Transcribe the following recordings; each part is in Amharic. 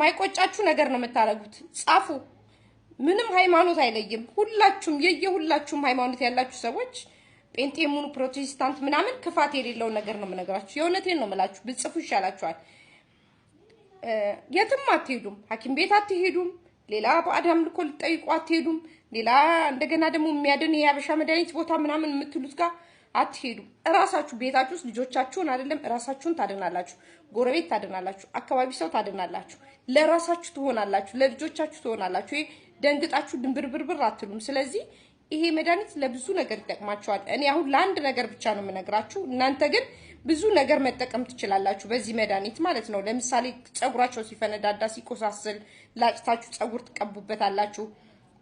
የማይቆጫችሁ ነገር ነው የምታደርጉት። ጻፉ። ምንም ሃይማኖት አይለይም። ሁላችሁም የየሁላችሁም ሃይማኖት ያላችሁ ሰዎች ጴንጤ ፕሮቴስታንት ምናምን ክፋት የሌለውን ነገር ነው የምነግራችሁ። የእውነቴን ነው የምላችሁ። ብጽፉ ይሻላችኋል። የትም አትሄዱም፣ ሐኪም ቤት አትሄዱም፣ ሌላ ባዕድ አምልኮ ልጠይቁ አትሄዱም። ሌላ እንደገና ደግሞ የሚያድን የሀበሻ መድኃኒት ቦታ ምናምን የምትሉት ጋር አትሄዱ። እራሳችሁ ቤታችሁ ውስጥ ልጆቻችሁን አይደለም እራሳችሁን ታድናላችሁ፣ ጎረቤት ታድናላችሁ፣ አካባቢ ሰው ታድናላችሁ፣ ለራሳችሁ ትሆናላችሁ፣ ለልጆቻችሁ ትሆናላችሁ። ይሄ ደንግጣችሁ ድንብርብርብር አትሉም። ስለዚህ ይሄ መድኃኒት ለብዙ ነገር ይጠቅማቸዋል። እኔ አሁን ለአንድ ነገር ብቻ ነው የምነግራችሁ። እናንተ ግን ብዙ ነገር መጠቀም ትችላላችሁ በዚህ መድኃኒት ማለት ነው። ለምሳሌ ፀጉራቸው ሲፈነዳዳ ሲቆሳስል ላጭታችሁ ፀጉር ትቀቡበታላችሁ።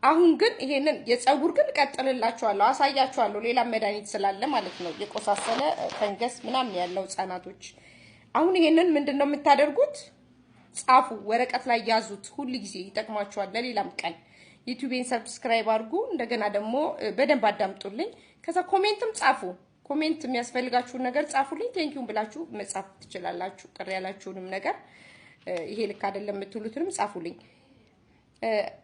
አሁን ግን ይሄንን የፀጉር ግን ቀጥልላችኋለሁ፣ አሳያችኋለሁ። ሌላ መድኃኒት ስላለ ማለት ነው። የቆሳሰለ ፈንገስ ምናምን ያለው ህጻናቶች አሁን ይሄንን ምንድን ነው የምታደርጉት? ጻፉ፣ ወረቀት ላይ ያዙት። ሁል ጊዜ ይጠቅማችኋል። ለሌላም ቀን ዩቲዩቤን ሰብስክራይብ አድርጉ። እንደገና ደግሞ በደንብ አዳምጡልኝ። ከዛ ኮሜንትም ጻፉ። ኮሜንት የሚያስፈልጋችሁን ነገር ጻፉልኝ። ቴንኪውን ብላችሁ መጻፍ ትችላላችሁ። ቅር ያላችሁንም ነገር ይሄ ልክ አይደለም የምትሉትንም ጻፉልኝ።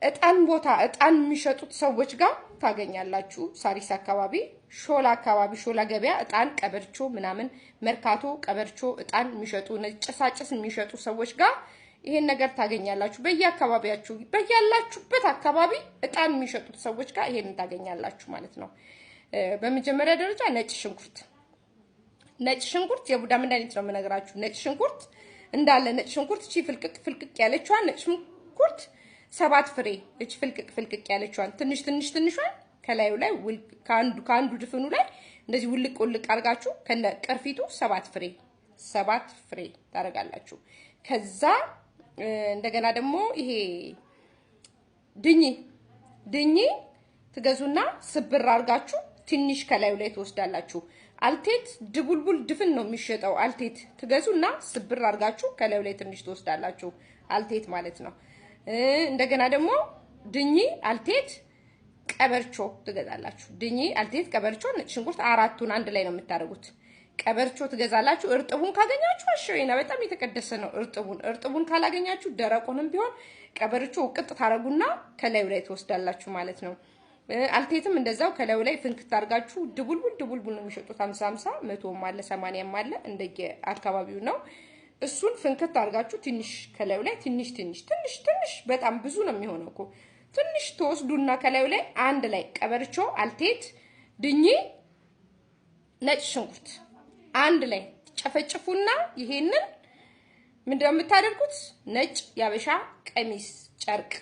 እጣን ቦታ እጣን የሚሸጡት ሰዎች ጋር ታገኛላችሁ። ሳሪስ አካባቢ፣ ሾላ አካባቢ፣ ሾላ ገበያ እጣን ቀበርቾ ምናምን መርካቶ ቀበርቾ እጣን የሚሸጡ ጭሳጭስ የሚሸጡ ሰዎች ጋር ይሄን ነገር ታገኛላችሁ። በየአካባቢያችሁ በያላችሁበት አካባቢ እጣን የሚሸጡት ሰዎች ጋር ይሄን ታገኛላችሁ ማለት ነው። በመጀመሪያ ደረጃ ነጭ ሽንኩርት፣ ነጭ ሽንኩርት የቡዳ መድኃኒት ነው የምነግራችሁ። ነጭ ሽንኩርት እንዳለ ነጭ ሽንኩርት ፍልቅቅ ፍልቅቅ ያለችዋን ነጭ ሽንኩርት ሰባት ፍሬ እች ፍልቅቅ ፍልቅቅ ያለችዋን ትንሽ ትንሽ ትንሿን ከላዩ ላይ ከአንዱ ድፍኑ ላይ እንደዚህ ውልቅ ውልቅ አድርጋችሁ ከነ ቅርፊቱ ሰባት ፍሬ ሰባት ፍሬ ታደርጋላችሁ። ከዛ እንደገና ደግሞ ይሄ ድኝ ድኝ ትገዙና ስብር አድርጋችሁ ትንሽ ከላዩ ላይ ትወስዳላችሁ። አልቴት ድቡልቡል ድፍን ነው የሚሸጠው። አልቴት ትገዙና ስብር አድርጋችሁ ከላዩ ላይ ትንሽ ትወስዳላችሁ። አልቴት ማለት ነው። እንደገና ደግሞ ድኝ አልቴት ቀበርቾ ትገዛላችሁ። ድኝ አልቴት ቀበርቾ ሽንኩርት አራቱን አንድ ላይ ነው የምታደርጉት። ቀበርቾ ትገዛላችሁ። እርጥቡን ካገኛችሁ አሸወይና በጣም የተቀደሰ ነው። እርጥቡን እርጥቡን ካላገኛችሁ ደረቁንም ቢሆን ቀበርቾ ውቅጥ ታረጉና ከላዩ ላይ ትወስዳላችሁ ማለት ነው። አልቴትም እንደዛው ከላዩ ላይ ፍንክት ታርጋችሁ ድቡልቡል ድቡልቡል ነው የሚሸጡት። 50 50 መቶም አለ 80 አለ እንደየ አካባቢው ነው። እሱን ፍንክት አድርጋችሁ ትንሽ ከላዩ ላይ ትንሽ ትንሽ ትንሽ ትንሽ በጣም ብዙ ነው የሚሆነው እኮ ትንሽ ተወስዱና ከላዩ ላይ አንድ ላይ ቀበርቾ፣ አልቴት፣ ድኝ፣ ነጭ ሽንኩርት አንድ ላይ ጨፈጭፉና ይሄንን ምንድነው የምታደርጉት? ነጭ ያበሻ ቀሚስ ጨርቅ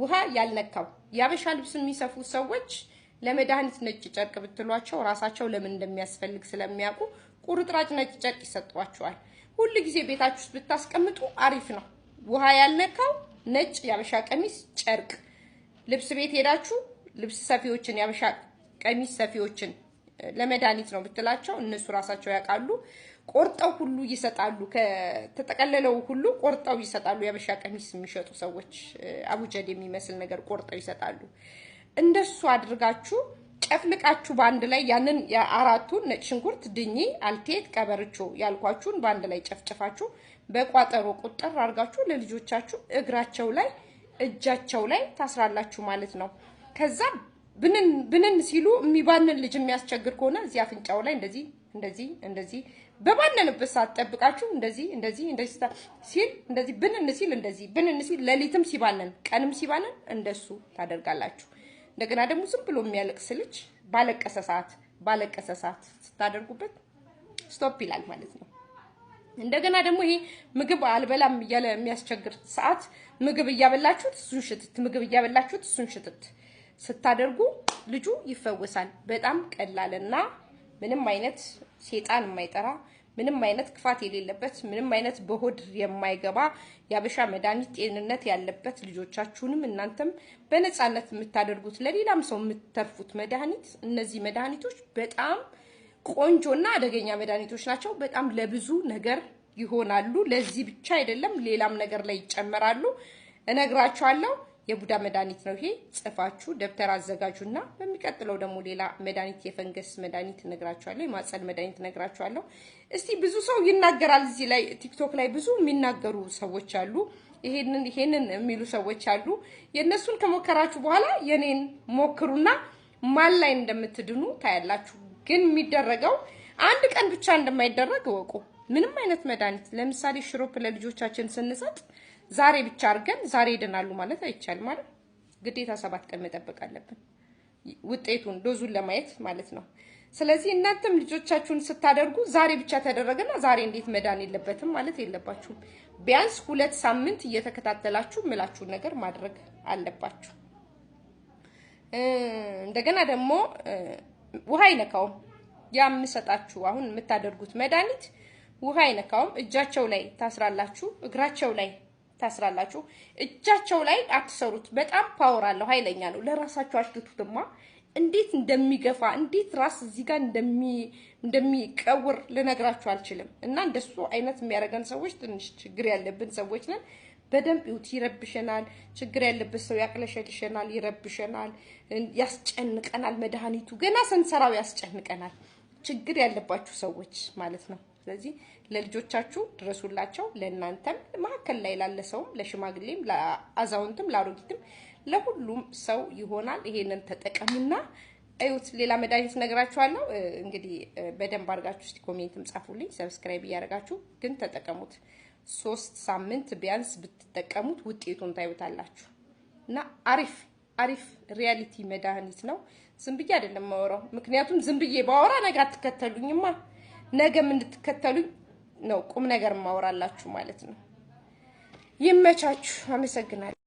ውሃ ያልነካው ያበሻ ልብስ የሚሰፉ ሰዎች ለመድኃኒት ነጭ ጨርቅ ብትሏቸው ራሳቸው ለምን እንደሚያስፈልግ ስለሚያውቁ ቁርጥራጭ ነጭ ጨርቅ ይሰጧቸዋል። ሁል ጊዜ ቤታችሁ ውስጥ ብታስቀምጡ አሪፍ ነው። ውሃ ያልነካው ነጭ ያበሻ ቀሚስ ጨርቅ። ልብስ ቤት ሄዳችሁ ልብስ ሰፊዎችን ያበሻ ቀሚስ ሰፊዎችን ለመድኃኒት ነው ብትላቸው እነሱ ራሳቸው ያውቃሉ። ቆርጠው ሁሉ ይሰጣሉ። ከተጠቀለለው ሁሉ ቆርጠው ይሰጣሉ። ያበሻ ቀሚስ የሚሸጡ ሰዎች አቡጀድ የሚመስል ነገር ቆርጠው ይሰጣሉ። እንደሱ አድርጋችሁ ጨፍልቃችሁ በአንድ ላይ ያንን የአራቱን ነጭ ሽንኩርት፣ ድኝ፣ አልቴት፣ ቀበርቾ ያልኳችሁን በአንድ ላይ ጨፍጭፋችሁ በቋጠሮ ቁጥር አድርጋችሁ ለልጆቻችሁ እግራቸው ላይ እጃቸው ላይ ታስራላችሁ ማለት ነው። ከዛ ብንን ብንን ሲሉ የሚባንን ልጅ የሚያስቸግር ከሆነ እዚህ አፍንጫው ላይ እንደዚህ እንደዚህ እንደዚህ በባነንበት ሰዓት ጠብቃችሁ እንደዚህ እንደዚህ እንደዚህ ሲል እንደዚህ ብንን ሲል እንደዚህ ብንን ሲል ሌሊትም ሲባንን ቀንም ሲባንን እንደሱ ታደርጋላችሁ። እንደገና ደግሞ ዝም ብሎ የሚያለቅስ ልጅ ባለቀሰ ሰዓት ባለቀሰ ሰዓት ስታደርጉበት ስቶፕ ይላል ማለት ነው። እንደገና ደግሞ ይሄ ምግብ አልበላም እያለ የሚያስቸግር ሰዓት ምግብ እያበላችሁት እሱን ሽትት፣ ምግብ እያበላችሁት እሱን ሽትት ስታደርጉ ልጁ ይፈወሳል። በጣም ቀላልና ምንም አይነት ሴጣን የማይጠራ ምንም አይነት ክፋት የሌለበት ምንም አይነት በሆድ የማይገባ የአበሻ መድኃኒት ጤንነት ያለበት ልጆቻችሁንም እናንተም በነፃነት የምታደርጉት ለሌላም ሰው የምትተርፉት መድኃኒት። እነዚህ መድኃኒቶች በጣም ቆንጆና አደገኛ መድኃኒቶች ናቸው። በጣም ለብዙ ነገር ይሆናሉ። ለዚህ ብቻ አይደለም፣ ሌላም ነገር ላይ ይጨመራሉ። እነግራችኋለሁ። የቡዳ መድኃኒት ነው ይሄ። ጽፋችሁ ደብተር አዘጋጁና በሚቀጥለው ደግሞ ሌላ መድኃኒት የፈንገስ መድኃኒት እነግራችኋለሁ፣ የማጸል መድኃኒት እነግራችኋለሁ። እስቲ ብዙ ሰው ይናገራል እዚህ ላይ ቲክቶክ ላይ ብዙ የሚናገሩ ሰዎች አሉ፣ ይሄንን ይሄንን የሚሉ ሰዎች አሉ። የእነሱን ከሞከራችሁ በኋላ የኔን ሞክሩና ማን ላይ እንደምትድኑ ታያላችሁ። ግን የሚደረገው አንድ ቀን ብቻ እንደማይደረግ እወቁ። ምንም አይነት መድኃኒት ለምሳሌ ሽሮፕ ለልጆቻችን ስንሰጥ ዛሬ ብቻ አድርገን ዛሬ ይድናሉ ማለት አይቻልም ማለት ግዴታ ሰባት ቀን መጠበቅ አለብን ውጤቱን ዶዙን ለማየት ማለት ነው። ስለዚህ እናንተም ልጆቻችሁን ስታደርጉ ዛሬ ብቻ ተደረገና ዛሬ እንዴት መዳን የለበትም ማለት የለባችሁም። ቢያንስ ሁለት ሳምንት እየተከታተላችሁ ምላችሁን ነገር ማድረግ አለባችሁ። እንደገና ደግሞ ውሃ አይነካውም። ያ የምሰጣችሁ አሁን የምታደርጉት መድኃኒት ውሃ አይነካውም። እጃቸው ላይ ታስራላችሁ፣ እግራቸው ላይ ታስራላችሁ። እጃቸው ላይ አትሰሩት። በጣም ፓወር አለው፣ ኃይለኛ ነው። ለራሳችሁ አሽልቱትማ እንዴት እንደሚገፋ እንዴት ራስ እዚህ ጋር እንደሚቀውር ልነግራችሁ አልችልም። እና እንደሱ አይነት የሚያደርገን ሰዎች ትንሽ ችግር ያለብን ሰዎች ነን። በደንብ ይውት ይረብሸናል። ችግር ያለበት ሰው ያቅለሸልሸናል፣ ይረብሸናል፣ ያስጨንቀናል። መድኃኒቱ ገና ስንሰራው ያስጨንቀናል። ችግር ያለባችሁ ሰዎች ማለት ነው። ስለዚህ ለልጆቻችሁ ድረሱላቸው። ለእናንተም መካከል ላይ ላለ ሰውም፣ ለሽማግሌም፣ ለአዛውንትም፣ ለአሮጊትም ለሁሉም ሰው ይሆናል። ይሄንን ተጠቀሙና እዩት። ሌላ መድኃኒት ነግራችኋለሁ። እንግዲህ በደንብ አድርጋችሁ እስቲ ኮሜንትም ጻፉልኝ። ሰብስክራይብ እያደረጋችሁ ግን ተጠቀሙት። ሶስት ሳምንት ቢያንስ ብትጠቀሙት ውጤቱን ታዩታላችሁ። እና አሪፍ አሪፍ ሪያሊቲ መድኃኒት ነው። ዝም ብዬ አይደለም ማወራው፣ ምክንያቱም ዝም ብዬ ባወራ ነገ አትከተሉኝማ። ነገም እንድትከተሉኝ ነው ቁም ነገር ማወራላችሁ ማለት ነው። ይመቻችሁ። አመሰግናለሁ።